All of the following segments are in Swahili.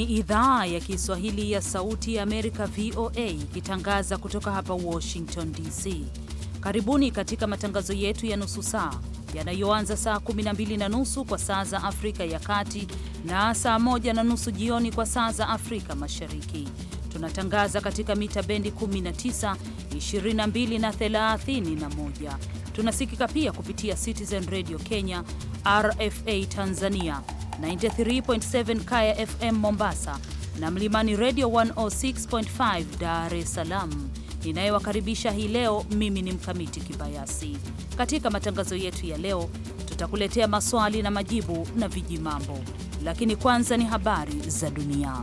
ni idhaa ya Kiswahili ya Sauti ya Amerika, VOA, ikitangaza kutoka hapa Washington DC. Karibuni katika matangazo yetu ya nusu saa yanayoanza saa 12 na nusu kwa saa za Afrika ya Kati na saa 1 na nusu jioni kwa saa za Afrika Mashariki. Tunatangaza katika mita bendi 19, 22 na 31. Tunasikika pia kupitia Citizen Radio Kenya, RFA Tanzania 93.7 Kaya FM Mombasa na Mlimani Radio 106.5 Dar es Salaam. Ninayewakaribisha hii leo mimi ni Mkamiti Kibayasi. Katika matangazo yetu ya leo tutakuletea maswali na majibu na vijimambo, lakini kwanza ni habari za dunia.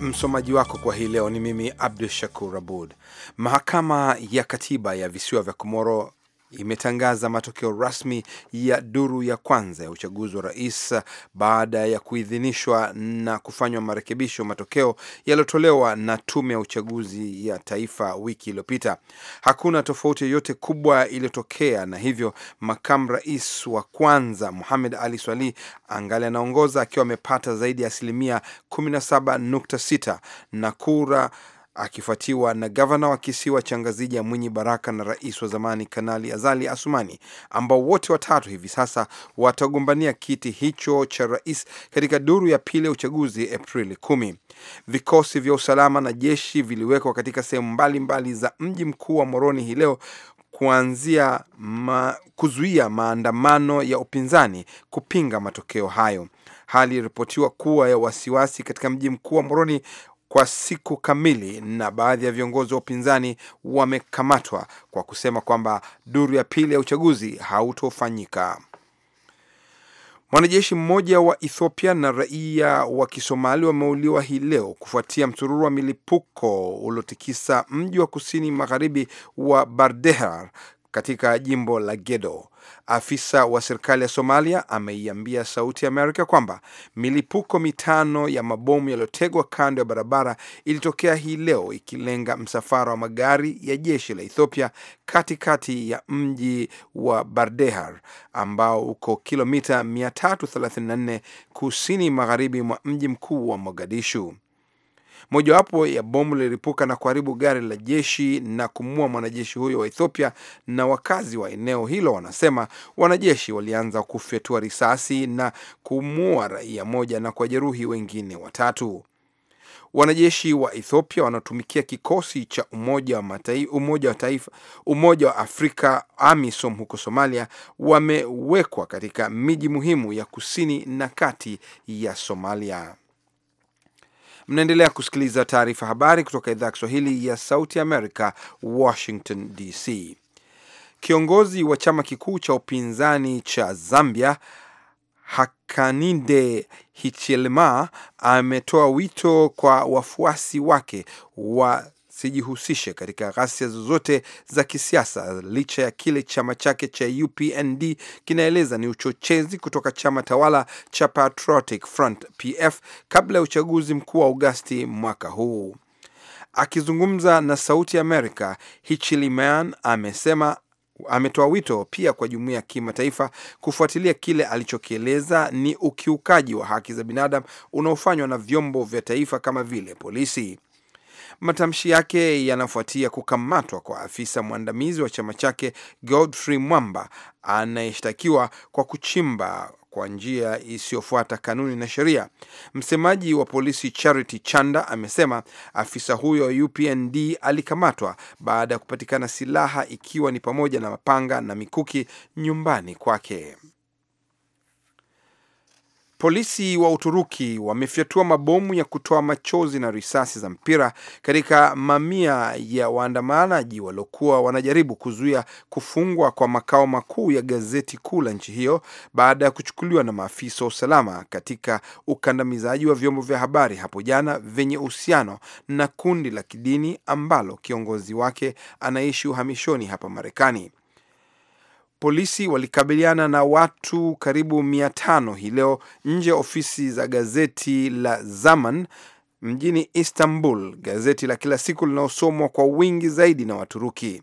Msomaji wako kwa hii leo ni mimi Abdu Shakur Abud. Mahakama ya Katiba ya Visiwa vya Komoro imetangaza matokeo rasmi ya duru ya kwanza ya uchaguzi wa rais baada ya kuidhinishwa na kufanywa marekebisho matokeo yaliyotolewa na tume ya uchaguzi ya taifa wiki iliyopita. Hakuna tofauti yoyote kubwa iliyotokea, na hivyo makamu rais wa kwanza muhamed Ali swali angali anaongoza akiwa amepata zaidi ya asilimia 17.6 na kura akifuatiwa na gavana wa kisiwa cha Ngazija Mwinyi Baraka na rais wa zamani Kanali Azali Asumani, ambao wote watatu hivi sasa watagombania kiti hicho cha rais katika duru ya pili ya uchaguzi Aprili kumi. Vikosi vya usalama na jeshi viliwekwa katika sehemu mbalimbali za mji mkuu wa Moroni hii leo kuanzia ma, kuzuia maandamano ya upinzani kupinga matokeo hayo. Hali iliripotiwa kuwa ya wasiwasi katika mji mkuu wa Moroni kwa siku kamili, na baadhi ya viongozi wa upinzani wamekamatwa kwa kusema kwamba duru ya pili ya uchaguzi hautofanyika. Mwanajeshi mmoja wa Ethiopia na raia wa Kisomali wameuliwa hii leo kufuatia msururu wa milipuko uliotikisa mji wa kusini magharibi wa Bardehar katika jimbo la Gedo. Afisa wa serikali ya Somalia ameiambia Sauti Amerika kwamba milipuko mitano ya mabomu yaliyotegwa kando ya barabara ilitokea hii leo ikilenga msafara wa magari ya jeshi la Ethiopia katikati ya mji wa Bardehar ambao uko kilomita 334 kusini magharibi mwa mji mkuu wa Mogadishu. Mojawapo ya bomu lilipuka na kuharibu gari la jeshi na kumua mwanajeshi huyo wa Ethiopia, na wakazi wa eneo hilo wanasema wanajeshi walianza kufyatua risasi na kumua raia moja na jeruhi wengine watatu. Wanajeshi wa Ethiopia wanaotumikia kikosi cha Umoja wa Mataifa, Umoja wa Taifa, Umoja wa Afrika AMISOM huko Somalia wamewekwa katika miji muhimu ya kusini na kati ya Somalia. Mnaendelea kusikiliza taarifa habari kutoka idhaa ya Kiswahili ya Sauti Amerika, Washington DC. Kiongozi wa chama kikuu cha upinzani cha Zambia hakanide Hichilema ametoa wito kwa wafuasi wake wa sijihusishe katika ghasia zozote za kisiasa, licha ya kile chama chake cha UPND kinaeleza ni uchochezi kutoka chama tawala cha Patriotic Front PF kabla ya uchaguzi mkuu wa Agosti mwaka huu. Akizungumza na Sauti Amerika, Hichiliman amesema ametoa wito pia kwa jumuiya ya kimataifa kufuatilia kile alichokieleza ni ukiukaji wa haki za binadamu unaofanywa na vyombo vya taifa kama vile polisi. Matamshi yake yanafuatia kukamatwa kwa afisa mwandamizi wa chama chake Godfrey Mwamba anayeshtakiwa kwa kuchimba kwa njia isiyofuata kanuni na sheria. Msemaji wa polisi Charity Chanda amesema afisa huyo UPND alikamatwa baada ya kupatikana silaha ikiwa ni pamoja na mapanga na mikuki nyumbani kwake. Polisi wa Uturuki wamefyatua mabomu ya kutoa machozi na risasi za mpira katika mamia ya waandamanaji waliokuwa wanajaribu kuzuia kufungwa kwa makao makuu ya gazeti kuu la nchi hiyo baada ya kuchukuliwa na maafisa wa usalama katika ukandamizaji wa vyombo vya habari hapo jana vyenye uhusiano na kundi la kidini ambalo kiongozi wake anaishi uhamishoni hapa Marekani. Polisi walikabiliana na watu karibu mia tano hii leo nje ofisi za gazeti la Zaman mjini Istanbul, gazeti la kila siku linalosomwa kwa wingi zaidi na Waturuki.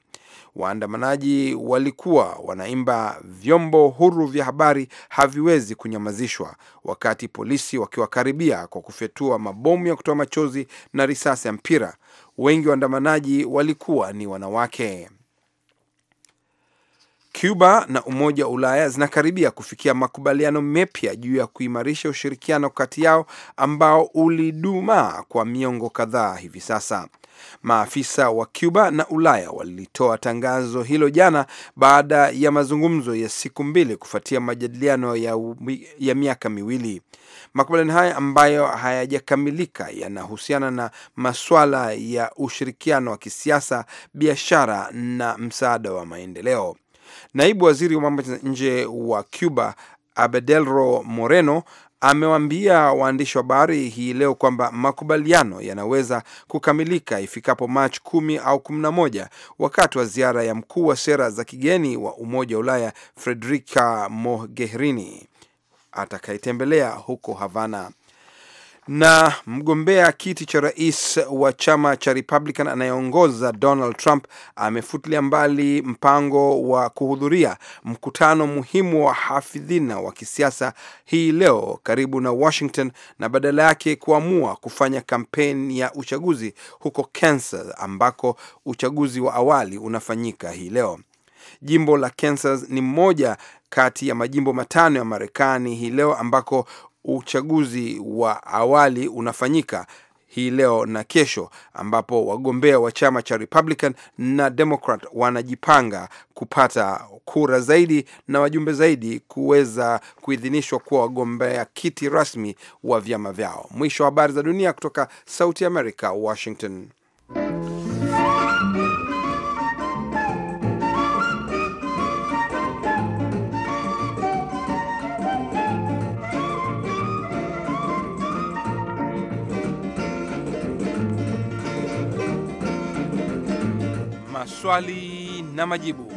Waandamanaji walikuwa wanaimba vyombo huru vya habari haviwezi kunyamazishwa, wakati polisi wakiwakaribia kwa kufyatua mabomu ya kutoa machozi na risasi ya mpira. Wengi waandamanaji walikuwa ni wanawake. Cuba na Umoja wa Ulaya zinakaribia kufikia makubaliano mepya juu ya kuimarisha ushirikiano kati yao ambao ulidumaa kwa miongo kadhaa hivi sasa. Maafisa wa Cuba na Ulaya walitoa tangazo hilo jana baada ya mazungumzo ya siku mbili kufuatia majadiliano ya, ya miaka miwili. Makubaliano haya ambayo hayajakamilika yanahusiana na masuala ya ushirikiano wa kisiasa, biashara na msaada wa maendeleo. Naibu waziri wa mambo ya nje wa Cuba Abedelro Moreno amewaambia waandishi wa habari hii leo kwamba makubaliano yanaweza kukamilika ifikapo Machi kumi au kumi na moja wakati wa ziara ya mkuu wa sera za kigeni wa Umoja wa Ulaya Frederica Mogherini atakayetembelea huko Havana. Na mgombea kiti cha rais wa chama cha Republican anayeongoza Donald Trump amefutilia mbali mpango wa kuhudhuria mkutano muhimu wa hafidhina wa kisiasa hii leo karibu na Washington na badala yake kuamua kufanya kampeni ya uchaguzi huko Kansas ambako uchaguzi wa awali unafanyika hii leo. Jimbo la Kansas ni mmoja kati ya majimbo matano ya Marekani hii leo ambako uchaguzi wa awali unafanyika hii leo na kesho, ambapo wagombea wa chama cha Republican na Democrat wanajipanga kupata kura zaidi na wajumbe zaidi kuweza kuidhinishwa kuwa wagombea kiti rasmi wa vyama vyao. Mwisho wa habari za dunia kutoka Sauti America, Washington. maswali na majibu.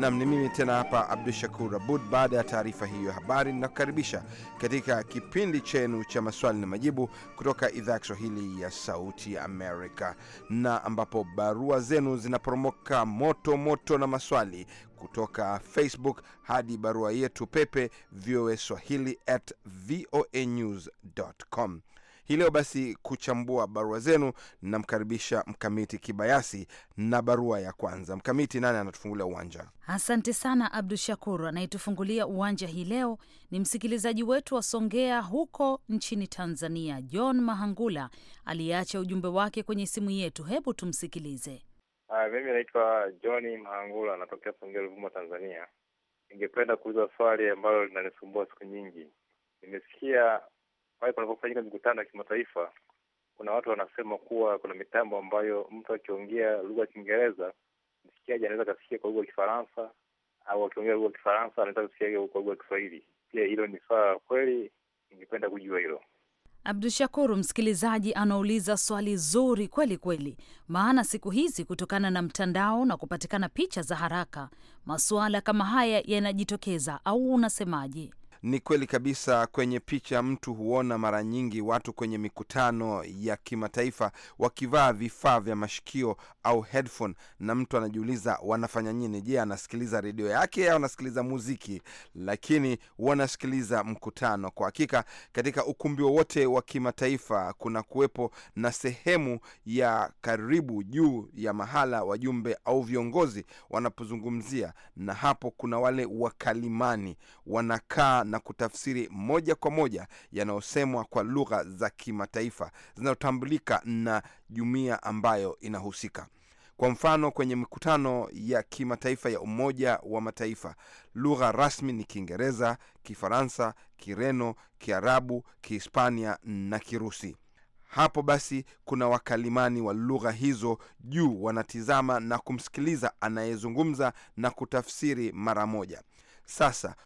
Nam, ni mimi tena hapa Abdu Shakur Abud. Baada ya taarifa hiyo ya habari, ninakukaribisha katika kipindi chenu cha maswali na majibu kutoka idhaa ya Kiswahili ya Sauti Amerika, na ambapo barua zenu zinaporomoka moto moto na maswali kutoka Facebook hadi barua yetu pepe voa swahili at voanews.com. Hii leo basi kuchambua barua zenu, namkaribisha Mkamiti Kibayasi na barua ya kwanza. Mkamiti, nane anatufungulia uwanja? Asante sana Abdu Shakur. Anayetufungulia uwanja hii leo ni msikilizaji wetu wa Songea huko nchini Tanzania, John Mahangula aliyeacha ujumbe wake kwenye simu yetu. Hebu tumsikilize. Ah, mimi naitwa John Mahangula, anatokea Songea, Ruvuma, Tanzania. Ningependa kuuza swali ambalo linanisumbua siku nyingi. Nimesikia pale panapofanyika mikutano ya kimataifa, kuna watu wanasema kuwa kuna mitambo ambayo mtu akiongea lugha ya Kiingereza msikiaji anaweza akasikia kwa lugha ya Kifaransa au akiongea lugha ya Kifaransa anaweza kusikia kwa lugha ya Kiswahili. pia hilo ni la kweli? Ningependa kujua hilo. Abdu Shakuru, msikilizaji anauliza swali zuri kweli kweli, maana siku hizi kutokana na mtandao na kupatikana picha za haraka, masuala kama haya yanajitokeza, au unasemaje? Ni kweli kabisa. Kwenye picha mtu huona mara nyingi watu kwenye mikutano ya kimataifa wakivaa vifaa vya mashikio au headphone, na mtu anajiuliza wanafanya nini? Je, anasikiliza redio yake au anasikiliza muziki? Lakini wanasikiliza mkutano. Kwa hakika, katika ukumbi wowote wa kimataifa kuna kuwepo na sehemu ya karibu juu ya mahala wajumbe au viongozi wanapozungumzia, na hapo kuna wale wakalimani wanakaa na kutafsiri moja kwa moja yanayosemwa kwa lugha za kimataifa zinazotambulika na jumuiya ambayo inahusika. Kwa mfano, kwenye mikutano ya kimataifa ya Umoja wa Mataifa, lugha rasmi ni Kiingereza, Kifaransa, Kireno, Kiarabu, Kihispania na Kirusi. Hapo basi kuna wakalimani wa lugha hizo juu wanatizama na kumsikiliza anayezungumza na kutafsiri mara moja. Sasa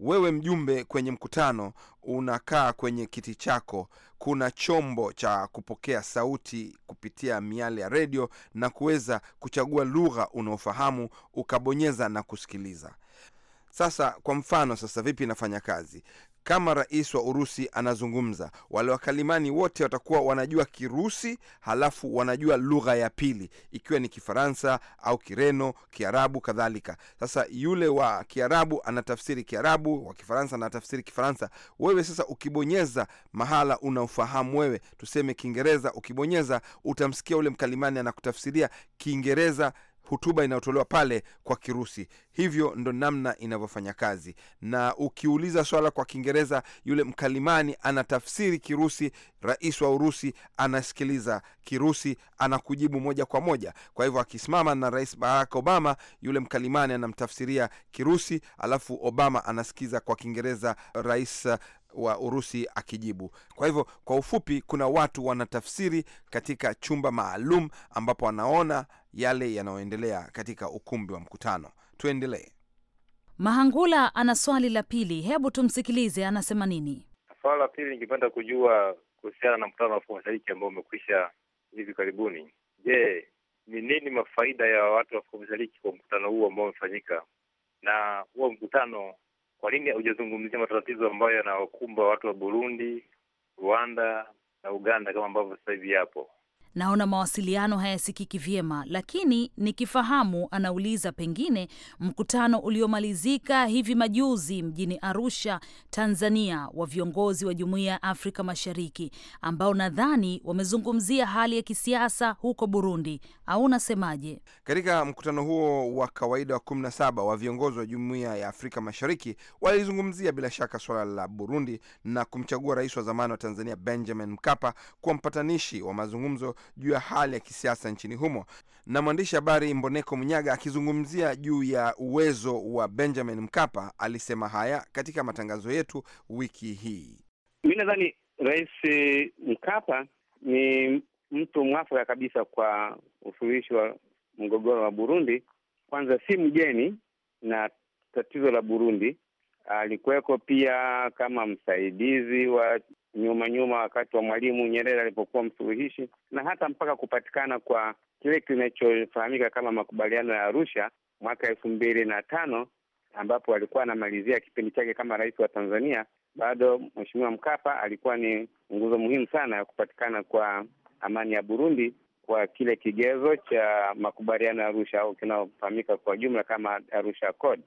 wewe mjumbe kwenye mkutano unakaa kwenye kiti chako, kuna chombo cha kupokea sauti kupitia miale ya redio na kuweza kuchagua lugha unaofahamu ukabonyeza na kusikiliza. Sasa kwa mfano, sasa vipi inafanya kazi? kama rais wa Urusi anazungumza, wale wakalimani wote watakuwa wanajua Kirusi, halafu wanajua lugha ya pili, ikiwa ni Kifaransa au Kireno, Kiarabu kadhalika. Sasa yule wa Kiarabu anatafsiri Kiarabu, wa Kifaransa anatafsiri Kifaransa. Wewe sasa ukibonyeza mahala unaofahamu wewe, tuseme Kiingereza, ukibonyeza utamsikia ule mkalimani anakutafsiria Kiingereza hotuba inayotolewa pale kwa Kirusi. Hivyo ndo namna inavyofanya kazi, na ukiuliza swala kwa Kiingereza, yule mkalimani anatafsiri Kirusi, rais wa Urusi anasikiliza Kirusi, anakujibu moja kwa moja. Kwa hivyo akisimama na Rais Barack Obama, yule mkalimani anamtafsiria Kirusi, alafu Obama anasikiza kwa Kiingereza rais wa Urusi akijibu. Kwa hivyo kwa ufupi, kuna watu wanatafsiri katika chumba maalum ambapo wanaona yale yanayoendelea katika ukumbi wa mkutano. Tuendelee. Mahangula ana swali la pili, hebu tumsikilize anasema nini. Swali la pili, ningependa kujua kuhusiana na mkutano wa Afrika Mashariki ambao umekwisha hivi karibuni. Je, ni nini mafaida ya watu wa Afrika Mashariki kwa mkutano huu ambao umefanyika, na huo mkutano kwa nini hujazungumzia matatizo ambayo yanawakumba watu wa Burundi, Rwanda na Uganda kama ambavyo sasa hivi yapo? Naona mawasiliano hayasikiki vyema, lakini nikifahamu, anauliza pengine mkutano uliomalizika hivi majuzi mjini Arusha, Tanzania, wa viongozi wa Jumuiya ya Afrika Mashariki ambao nadhani wamezungumzia hali ya kisiasa huko Burundi, au unasemaje? Katika mkutano huo wa kawaida wa kumi na saba wa viongozi wa Jumuiya ya Afrika Mashariki walizungumzia bila shaka suala la Burundi na kumchagua rais wa zamani wa Tanzania Benjamin Mkapa kuwa mpatanishi wa mazungumzo juu ya hali ya kisiasa nchini humo, na mwandishi habari Mboneko Mnyaga akizungumzia juu ya uwezo wa Benjamin Mkapa alisema haya katika matangazo yetu wiki hii. Mi nadhani Rais eh, Mkapa ni mtu mwafaka kabisa kwa usuluhishi wa mgogoro wa Burundi. Kwanza si mgeni na tatizo la Burundi, alikuweko pia kama msaidizi wa nyuma nyuma wakati wa Mwalimu Nyerere alipokuwa msuluhishi, na hata mpaka kupatikana kwa kile kinachofahamika kama makubaliano ya Arusha mwaka elfu mbili na tano ambapo alikuwa anamalizia kipindi chake kama rais wa Tanzania. Bado Mheshimiwa Mkapa alikuwa ni nguzo muhimu sana ya kupatikana kwa amani ya Burundi kwa kile kigezo cha makubaliano ya Arusha au kinaofahamika kwa jumla kama Arusha Code.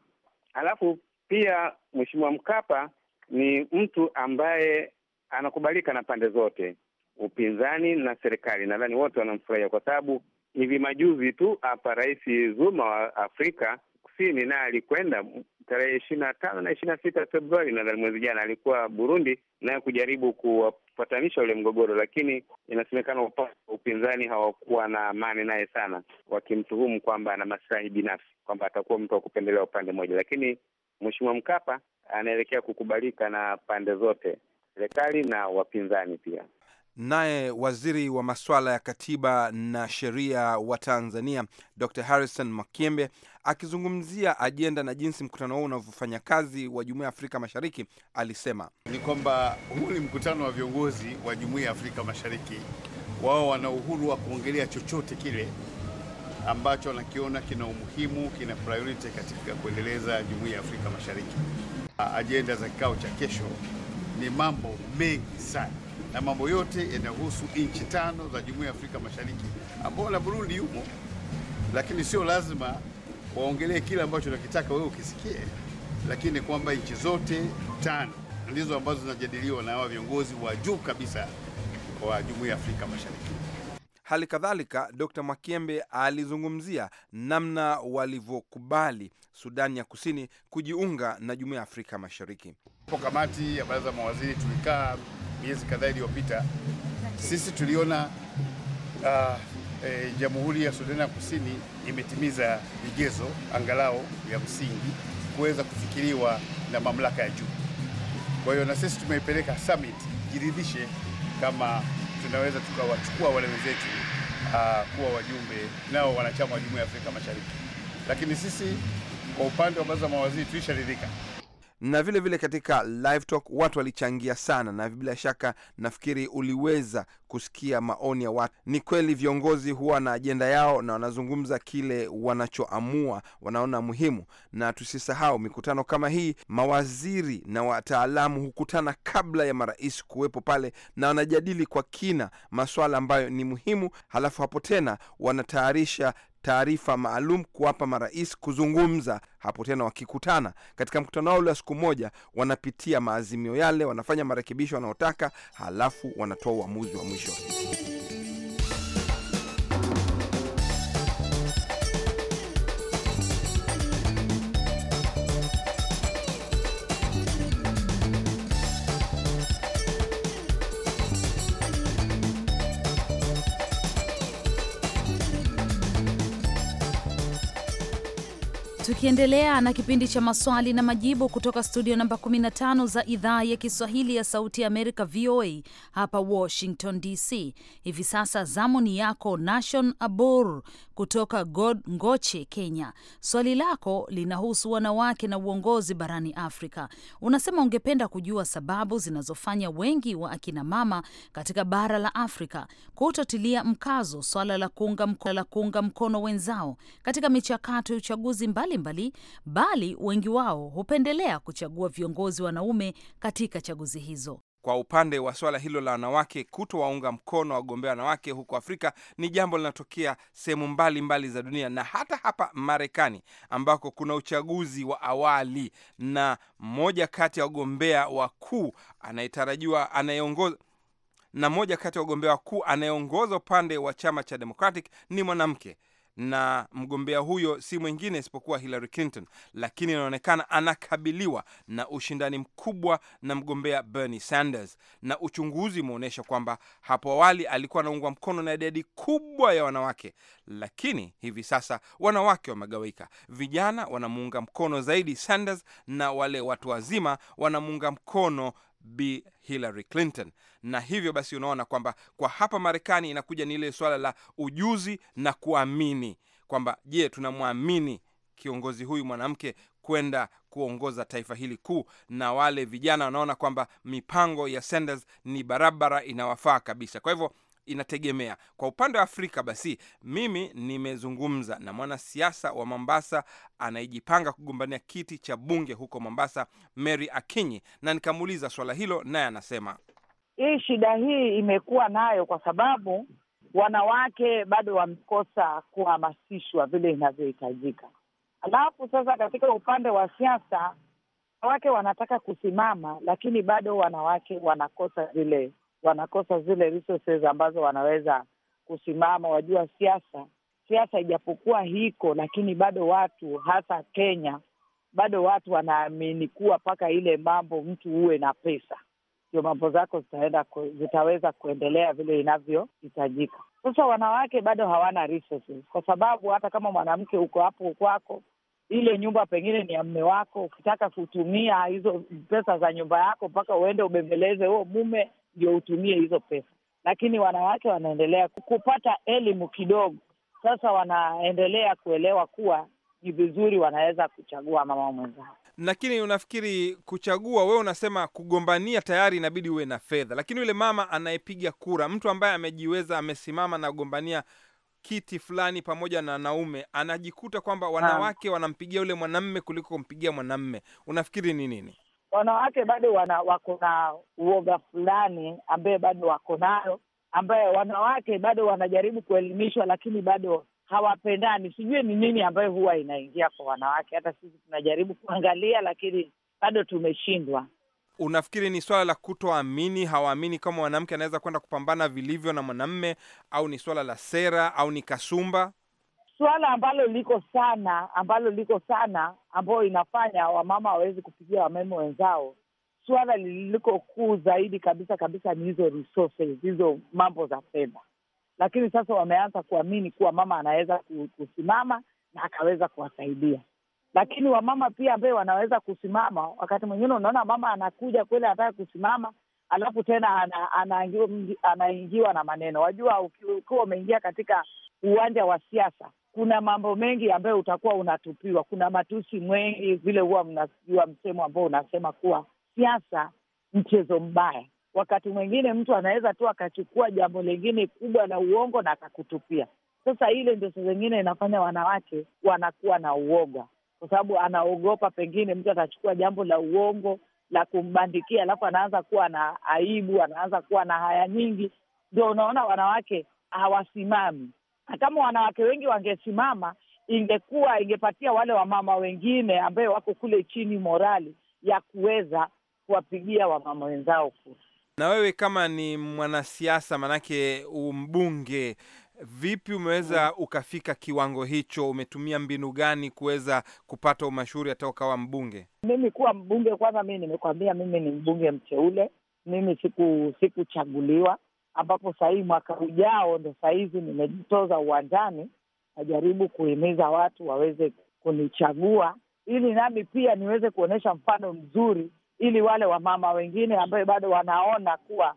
Pia Mheshimiwa Mkapa ni mtu ambaye anakubalika na pande zote, upinzani na serikali. Nadhani wote wanamfurahia kwa sababu hivi majuzi tu hapa Rais Zuma wa Afrika Kusini naye alikwenda tarehe ishirini na tano na ishirini na sita Februari, nadhani mwezi jana, alikuwa Burundi naye kujaribu kuwapatanisha ule mgogoro, lakini inasemekana upande wa upinzani hawakuwa na amani naye sana, wakimtuhumu kwamba ana masilahi binafsi, kwamba atakuwa mtu wa kupendelea upande mmoja, lakini Mheshimiwa Mkapa anaelekea kukubalika na pande zote, serikali na wapinzani pia. Naye waziri wa masuala ya katiba na sheria wa Tanzania Dr Harrison makiembe akizungumzia ajenda na jinsi mkutano huu unavyofanya kazi wa Jumuiya ya Afrika Mashariki alisema ni kwamba huu ni mkutano wa viongozi wa Jumuiya ya Afrika Mashariki, wao wana uhuru wa kuongelea chochote kile ambacho nakiona kina umuhimu, kina priority katika kuendeleza Jumuiya ya Afrika Mashariki. Ajenda za kikao cha kesho ni mambo mengi sana, na mambo yote yanahusu nchi tano za Jumuiya ya Afrika Mashariki ambao na Burundi yumo, lakini sio lazima waongelee kile ambacho unakitaka wewe ukisikie, lakini kwamba nchi zote tano ndizo ambazo zinajadiliwa na hawa viongozi wa juu kabisa wa Jumuiya ya Afrika Mashariki. Hali kadhalika Dr makembe alizungumzia namna walivyokubali Sudani ya Kusini kujiunga na Jumuiya ya Afrika Mashariki. Po kamati ya baraza mawaziri tulikaa miezi kadhaa iliyopita, sisi tuliona uh, e, jamhuri ya Sudani ya Kusini imetimiza vigezo angalau ya msingi kuweza kufikiriwa na mamlaka ya juu. Kwa hiyo na sisi tumeipeleka summit jiridhishe kama tunaweza tukawachukua wale wenzetu uh, kuwa wajumbe nao wanachama wa Jumuiya ya Afrika Mashariki, lakini sisi kwa upande wa baraza mawaziri tulisharidhika na vile vile katika live talk watu walichangia sana, na bila shaka nafikiri uliweza kusikia maoni ya watu. Ni kweli viongozi huwa na ajenda yao na wanazungumza kile wanachoamua, wanaona muhimu, na tusisahau mikutano kama hii, mawaziri na wataalamu hukutana kabla ya marais kuwepo pale, na wanajadili kwa kina masuala ambayo ni muhimu, halafu hapo tena wanatayarisha taarifa maalum kuwapa marais kuzungumza hapo tena. Wakikutana katika mkutano wao ule wa siku moja, wanapitia maazimio yale, wanafanya marekebisho wanaotaka, halafu wanatoa uamuzi wa mwisho. Tukiendelea na kipindi cha maswali na majibu kutoka studio namba 15 za idhaa ya Kiswahili ya Sauti ya Amerika, VOA hapa Washington DC. Hivi sasa zamu ni yako Nation Abur kutoka God Ngoche, Kenya. Swali lako linahusu wanawake na uongozi barani Afrika. Unasema ungependa kujua sababu zinazofanya wengi wa akina mama katika bara la Afrika kutotilia mkazo swala la kuunga mkono, la kuunga mkono wenzao katika michakato ya uchaguzi mbali mbalimbali bali wengi wao hupendelea kuchagua viongozi wanaume katika chaguzi hizo. Kwa upande wa swala hilo la wanawake, kutowaunga mkono wagombea wanawake huko Afrika ni jambo linatokea sehemu mbalimbali za dunia na hata hapa Marekani ambako kuna uchaguzi wa awali, na mmoja kati ya wagombea wakuu anayetarajiwa anayeongoza na mmoja kati ya wagombea wakuu anayeongoza upande wa chama cha Democratic ni mwanamke na mgombea huyo si mwingine isipokuwa Hillary Clinton, lakini inaonekana anakabiliwa na ushindani mkubwa na mgombea Bernie Sanders, na uchunguzi umeonyesha kwamba hapo awali alikuwa anaungwa mkono na idadi kubwa ya wanawake, lakini hivi sasa wanawake wamegawika. Vijana wanamuunga mkono zaidi Sanders na wale watu wazima wanamuunga mkono b Hillary Clinton. Na hivyo basi unaona kwamba kwa hapa Marekani inakuja ni ile swala la ujuzi na kuamini kwamba je, tunamwamini kiongozi huyu mwanamke kwenda kuongoza taifa hili kuu. Na wale vijana wanaona kwamba mipango ya Sanders ni barabara inawafaa kabisa. Kwa hivyo inategemea. Kwa upande wa Afrika basi, mimi nimezungumza na mwanasiasa wa Mombasa anayejipanga kugombania kiti cha bunge huko Mombasa, Mary Akinyi, na nikamuuliza swala hilo, naye anasema hii shida hii imekuwa nayo kwa sababu wanawake bado wamekosa kuhamasishwa vile inavyohitajika. Alafu sasa, katika upande wa siasa, wanawake wanataka kusimama, lakini bado wanawake wanakosa zile wanakosa zile resources ambazo wanaweza kusimama. Wajua siasa, siasa ijapokuwa hiko, lakini bado watu hasa Kenya, bado watu wanaamini kuwa mpaka ile mambo mtu uwe na pesa ndio mambo zako zitaenda zitaweza kuendelea vile inavyohitajika. Sasa wanawake bado hawana resources, kwa sababu hata kama mwanamke uko hapo kwako, ile nyumba pengine ni ya mme wako, ukitaka kutumia hizo pesa za nyumba yako mpaka uende ubembeleze huo oh, mume ndio utumie hizo pesa, lakini wanawake wanaendelea kupata elimu kidogo. Sasa wanaendelea kuelewa kuwa ni vizuri, wanaweza kuchagua mama mwenzao. Lakini unafikiri kuchagua, wewe unasema kugombania tayari inabidi uwe na fedha, lakini yule mama anayepiga kura, mtu ambaye amejiweza, amesimama na kugombania kiti fulani pamoja na wanaume, anajikuta kwamba wanawake wanampigia yule mwanamme kuliko kumpigia mwanamme. Unafikiri ni nini? wanawake bado wana wako na uoga fulani ambaye bado wako nayo, ambaye wanawake bado wanajaribu kuelimishwa, lakini bado hawapendani. Sijui ni nini ambayo huwa inaingia kwa wanawake. Hata sisi tunajaribu kuangalia, lakini bado tumeshindwa. Unafikiri ni swala la kutoamini, hawaamini kama mwanamke anaweza kwenda kupambana vilivyo na mwanamme, au ni swala la sera, au ni kasumba? suala ambalo liko sana ambalo liko sana ambayo inafanya wamama wawezi kupigia wameme wenzao, suala liliko kuu zaidi kabisa kabisa ni hizo resources, hizo mambo za fedha. Lakini sasa wameanza kuamini kuwa mama anaweza kusimama na akaweza kuwasaidia. Lakini wamama pia ambaye wanaweza kusimama, wakati mwingine unaona mama anakuja kweli, anataka kusimama, alafu tena ana, anaingiwa ana, na maneno. Wajua, ukiwa umeingia katika uwanja wa siasa, kuna mambo mengi ambayo utakuwa unatupiwa. Kuna matusi mengi, vile huwa mnajua msemo ambao unasema kuwa siasa mchezo mbaya. Wakati mwingine mtu anaweza tu akachukua jambo lingine kubwa la uongo na akakutupia. Sasa ile ndio saa zingine inafanya wanawake wanakuwa na uoga, kwa sababu anaogopa pengine mtu atachukua jambo la uongo la kumbandikia, alafu anaanza kuwa na aibu, anaanza kuwa na haya nyingi. Ndio unaona wanawake hawasimami, na kama wanawake wengi wangesimama, ingekuwa ingepatia wale wamama wengine ambaye wako kule chini morali ya kuweza kuwapigia wamama wenzao kura. Na wewe kama ni mwanasiasa, manake umbunge Vipi umeweza mm. ukafika kiwango hicho? Umetumia mbinu gani kuweza kupata umashuhuri hata ukawa mbunge? Mimi kuwa mbunge, kwanza mii nimekuambia, mimi ni mbunge mteule, mimi siku sikuchaguliwa, ambapo sahii mwaka ujao ndo sahizi nimejitoza uwanjani, najaribu kuhimiza watu waweze kunichagua ili nami pia niweze kuonyesha mfano mzuri, ili wale wamama wengine ambayo bado wanaona kuwa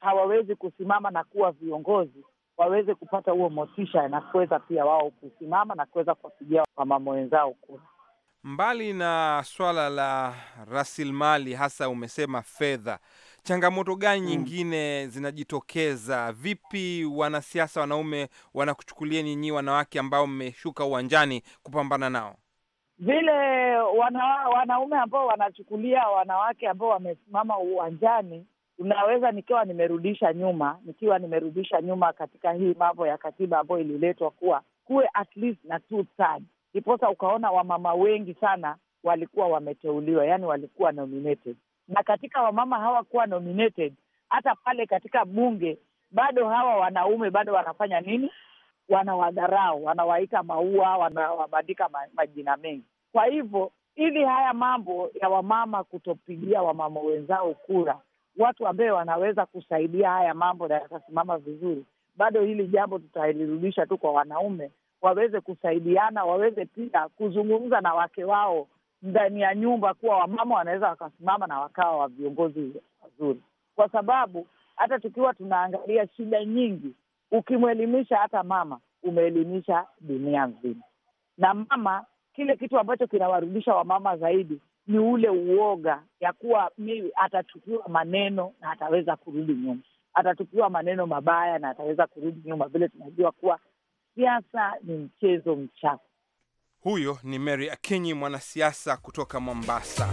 hawawezi kusimama na kuwa viongozi waweze kupata huo motisha na kuweza pia wao kusimama na kuweza kuwapigia wamama wenzao kura. Mbali na swala la rasilimali, hasa umesema fedha, changamoto gani mm, nyingine zinajitokeza? Vipi wanasiasa wanaume wanakuchukulia nyinyi wanawake ambao mmeshuka uwanjani kupambana nao? Vile wana, wanaume ambao wanachukulia wanawake ambao wamesimama uwanjani Unaweza nikiwa nimerudisha nyuma, nikiwa nimerudisha nyuma katika hii mambo ya katiba ambayo ililetwa kuwa kuwe at least na two ndiposa ukaona wamama wengi sana walikuwa wameteuliwa, yani walikuwa nominated. Na katika wamama hawakuwa nominated, hata pale katika bunge bado hawa wanaume bado wanafanya nini? Wanawadharau, wanawaita maua, wanawabandika majina mengi. Kwa hivyo ili haya mambo ya wamama kutopigia wamama wenzao kura watu ambaye wanaweza kusaidia haya mambo na yatasimama vizuri. Bado hili jambo tutalirudisha tu kwa wanaume, waweze kusaidiana, waweze pia kuzungumza na wake wao ndani ya nyumba, kuwa wamama wanaweza wakasimama na wakawa wa viongozi wazuri, kwa sababu hata tukiwa tunaangalia shida nyingi, ukimwelimisha hata mama umeelimisha dunia nzima. Na mama, kile kitu ambacho kinawarudisha wamama zaidi ni ule uoga ya kuwa maybe atatupiwa maneno na ataweza kurudi nyuma, atatupiwa maneno mabaya na ataweza kurudi nyuma. Vile tunajua kuwa siasa ni mchezo mchafu. Huyo ni Mary Akinyi, mwanasiasa kutoka Mombasa.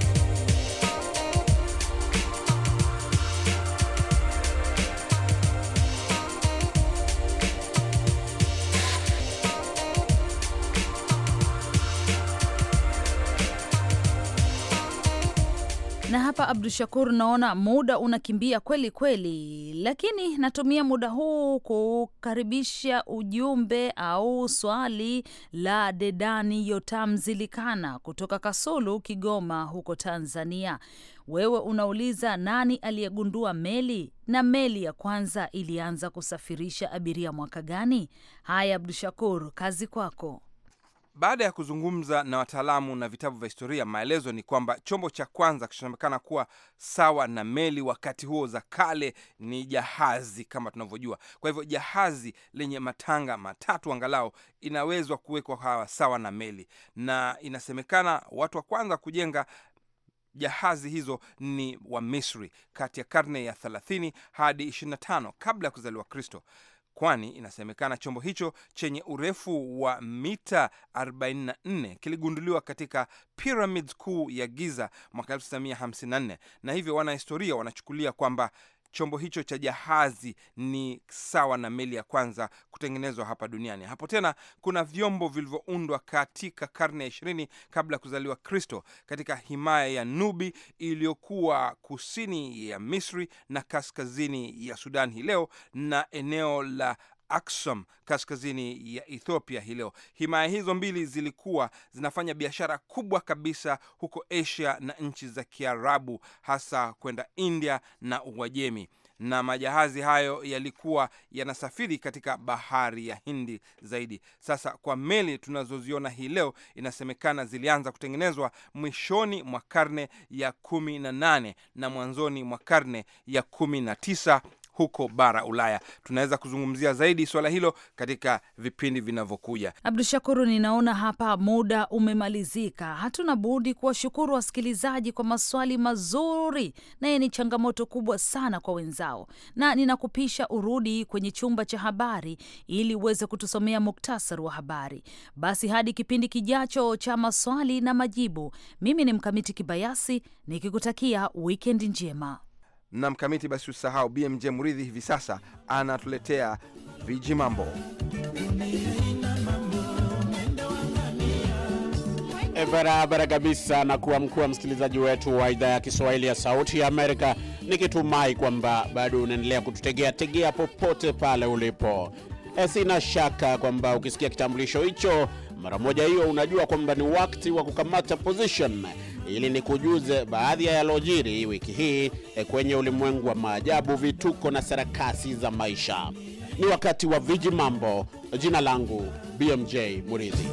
Na hapa Abdu Shakur, naona muda unakimbia kweli kweli, lakini natumia muda huu kukaribisha ujumbe au swali la Dedani Yotam Zilikana kutoka Kasulu, Kigoma huko Tanzania. Wewe unauliza nani aliyegundua meli na meli ya kwanza ilianza kusafirisha abiria mwaka gani? Haya Abdu Shakur, kazi kwako. Baada ya kuzungumza na wataalamu na vitabu vya historia, maelezo ni kwamba chombo cha kwanza kinachoonekana kuwa sawa na meli wakati huo za kale ni jahazi kama tunavyojua. Kwa hivyo jahazi lenye matanga matatu angalau inawezwa kuwekwa hawa sawa na meli, na inasemekana watu wa kwanza kujenga jahazi hizo ni wa Misri kati ya karne ya 30 hadi 25 kabla ya kuzaliwa Kristo kwani inasemekana chombo hicho chenye urefu wa mita 44 kiligunduliwa katika pyramids kuu ya Giza mwaka 1954 na hivyo wanahistoria wanachukulia kwamba chombo hicho cha jahazi ni sawa na meli ya kwanza kutengenezwa hapa duniani. Hapo tena kuna vyombo vilivyoundwa katika karne ya ishirini kabla ya kuzaliwa Kristo katika himaya ya Nubi iliyokuwa kusini ya Misri na kaskazini ya Sudan hii leo na eneo la Aksum kaskazini ya Ethiopia hii leo. Himaya hizo mbili zilikuwa zinafanya biashara kubwa kabisa huko Asia na nchi za Kiarabu, hasa kwenda India na Uajemi, na majahazi hayo yalikuwa yanasafiri katika bahari ya Hindi zaidi. Sasa kwa meli tunazoziona hii leo, inasemekana zilianza kutengenezwa mwishoni mwa karne ya kumi na nane na mwanzoni mwa karne ya kumi na tisa huko bara Ulaya. Tunaweza kuzungumzia zaidi swala hilo katika vipindi vinavyokuja. Abdu Shakuru, ninaona hapa muda umemalizika, hatuna budi kuwashukuru wasikilizaji kwa maswali mazuri, naye ni changamoto kubwa sana kwa wenzao, na ninakupisha urudi kwenye chumba cha habari ili uweze kutusomea muktasari wa habari. Basi hadi kipindi kijacho cha maswali na majibu, mimi ni Mkamiti Kibayasi nikikutakia wikendi njema na mkamiti. Basi usahau BMJ Muridhi hivi sasa anatuletea viji mambo. E, barabara kabisa na kuwa mkuu wa msikilizaji wetu wa idhaa ya Kiswahili ya Sauti ya Amerika, nikitumai kwamba bado unaendelea kututegea tegea popote pale ulipo. E, sina shaka kwamba ukisikia kitambulisho hicho mara moja hiyo unajua kwamba ni wakti wa kukamata position ili nikujuze baadhi ya yalojiri wiki hii eh, kwenye ulimwengu wa maajabu, vituko na sarakasi za maisha. Ni wakati wa viji mambo. Jina langu BMJ Muridhi.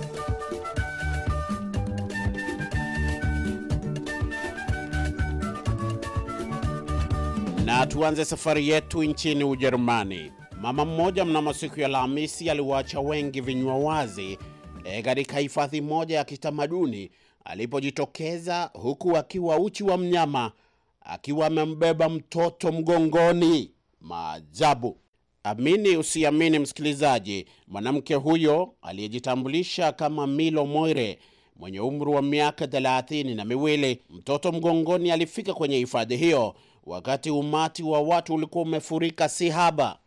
Na tuanze safari yetu nchini Ujerumani. Mama mmoja mnamo siku ya Alhamisi aliwaacha wengi vinywa wazi eh, katika e, hifadhi moja ya kitamaduni alipojitokeza huku akiwa uchi wa mnyama akiwa amembeba mtoto mgongoni. Maajabu! Amini usiamini, msikilizaji, mwanamke huyo aliyejitambulisha kama Milo Moire mwenye umri wa miaka thelathini na miwili, mtoto mgongoni, alifika kwenye hifadhi hiyo wakati umati wa watu ulikuwa umefurika si haba.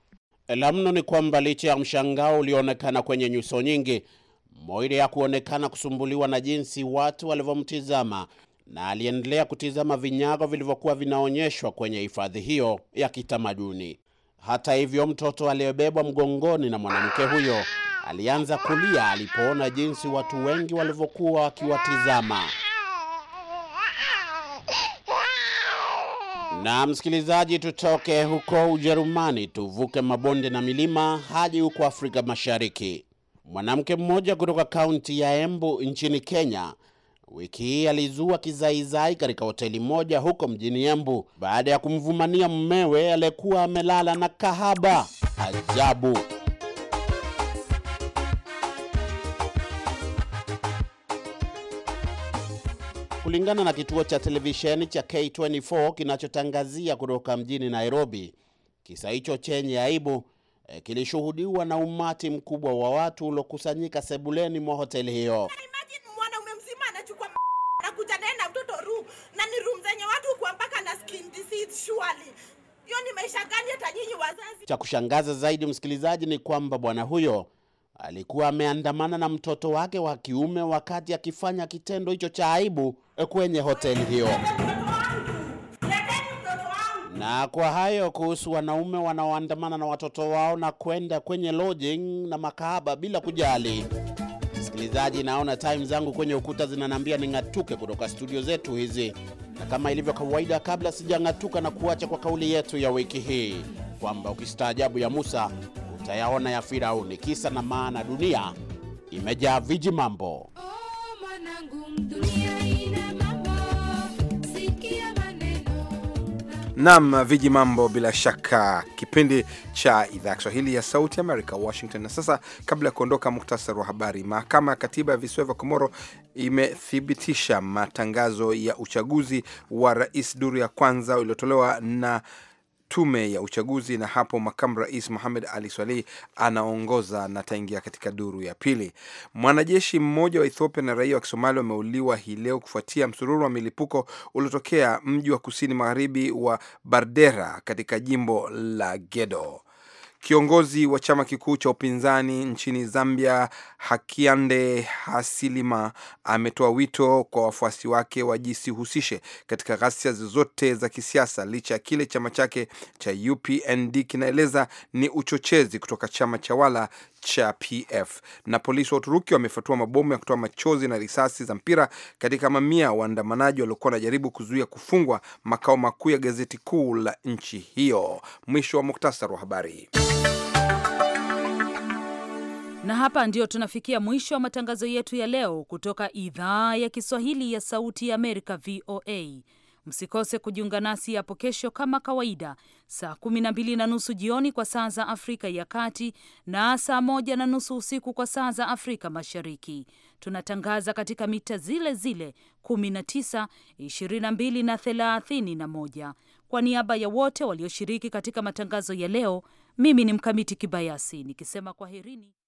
La mno ni kwamba licha ya mshangao ulioonekana kwenye nyuso nyingi, Moire ya kuonekana kusumbuliwa na jinsi watu walivyomtizama na aliendelea kutizama vinyago vilivyokuwa vinaonyeshwa kwenye hifadhi hiyo ya kitamaduni. Hata hivyo, mtoto aliyebebwa mgongoni na mwanamke huyo alianza kulia alipoona jinsi watu wengi walivyokuwa wakiwatizama. Na msikilizaji, tutoke huko Ujerumani tuvuke mabonde na milima hadi huko Afrika Mashariki. Mwanamke mmoja kutoka kaunti ya Embu nchini Kenya wiki hii alizua kizaizai katika hoteli moja huko mjini Embu baada ya kumvumania mmewe aliyekuwa amelala na kahaba. Ajabu! Kulingana na kituo cha televisheni cha K24 kinachotangazia kutoka mjini Nairobi, kisa hicho chenye aibu Eh, kilishuhudiwa na umati mkubwa wa watu uliokusanyika sebuleni mwa hoteli hiyo. Mwanaume mzima anachukua naye na mtoto room na ni room zenye watu kwa mpaka na skin disease surely. Hiyo ni maisha gani hata nyinyi wazazi? Cha kushangaza zaidi, msikilizaji, ni kwamba bwana huyo alikuwa ameandamana na mtoto wake wa kiume wakati akifanya kitendo hicho cha aibu eh, kwenye hoteli hiyo. Na kwa hayo kuhusu wanaume wanaoandamana na watoto wao na kwenda kwenye lodging na makahaba bila kujali. Msikilizaji, naona time zangu kwenye ukuta zinanambia ning'atuke kutoka studio zetu hizi, na kama ilivyo kawaida, kabla sijang'atuka na kuacha kwa kauli yetu ya wiki hii kwamba ukistaajabu ya Musa utayaona ya Firauni. Kisa na maana, dunia imejaa viji mambo. Oh, Nam viji mambo, bila shaka kipindi cha idhaa ya Kiswahili ya Sauti Amerika, Washington. Na sasa, kabla ya kuondoka, muktasari wa habari. Mahakama ya Katiba ya Visiwa vya Komoro imethibitisha matangazo ya uchaguzi wa rais duru ya kwanza uliotolewa na tume ya uchaguzi, na hapo makamu rais Mohamed Ali Swalih anaongoza na ataingia katika duru ya pili. Mwanajeshi mmoja wa Ethiopia na raia wa Kisomali wameuliwa hii leo kufuatia msururu wa milipuko uliotokea mji wa kusini magharibi wa Bardera katika jimbo la Gedo. Kiongozi wa chama kikuu cha upinzani nchini Zambia, hakiande hasilima ametoa wito kwa wafuasi wake wajisihusishe katika ghasia zozote za kisiasa, licha ya kile chama chake cha UPND kinaeleza ni uchochezi kutoka chama cha wala cha PF. Na polisi wa Uturuki wamefatua mabomu ya kutoa machozi na risasi za mpira katika mamia waandamanaji waliokuwa wanajaribu kuzuia kufungwa makao makuu ya gazeti kuu la nchi hiyo. Mwisho wa muktasari wa habari. Na hapa ndio tunafikia mwisho wa matangazo yetu ya leo kutoka idhaa ya Kiswahili ya Sauti ya Amerika, VOA. Msikose kujiunga nasi hapo kesho kama kawaida saa kumi na mbili na nusu jioni kwa saa za Afrika ya Kati na saa moja na nusu usiku kwa saa za Afrika Mashariki. Tunatangaza katika mita zile zile 19, 22 na 31. Kwa niaba ya wote walioshiriki katika matangazo ya leo, mimi ni Mkamiti Kibayasi nikisema kwaherini.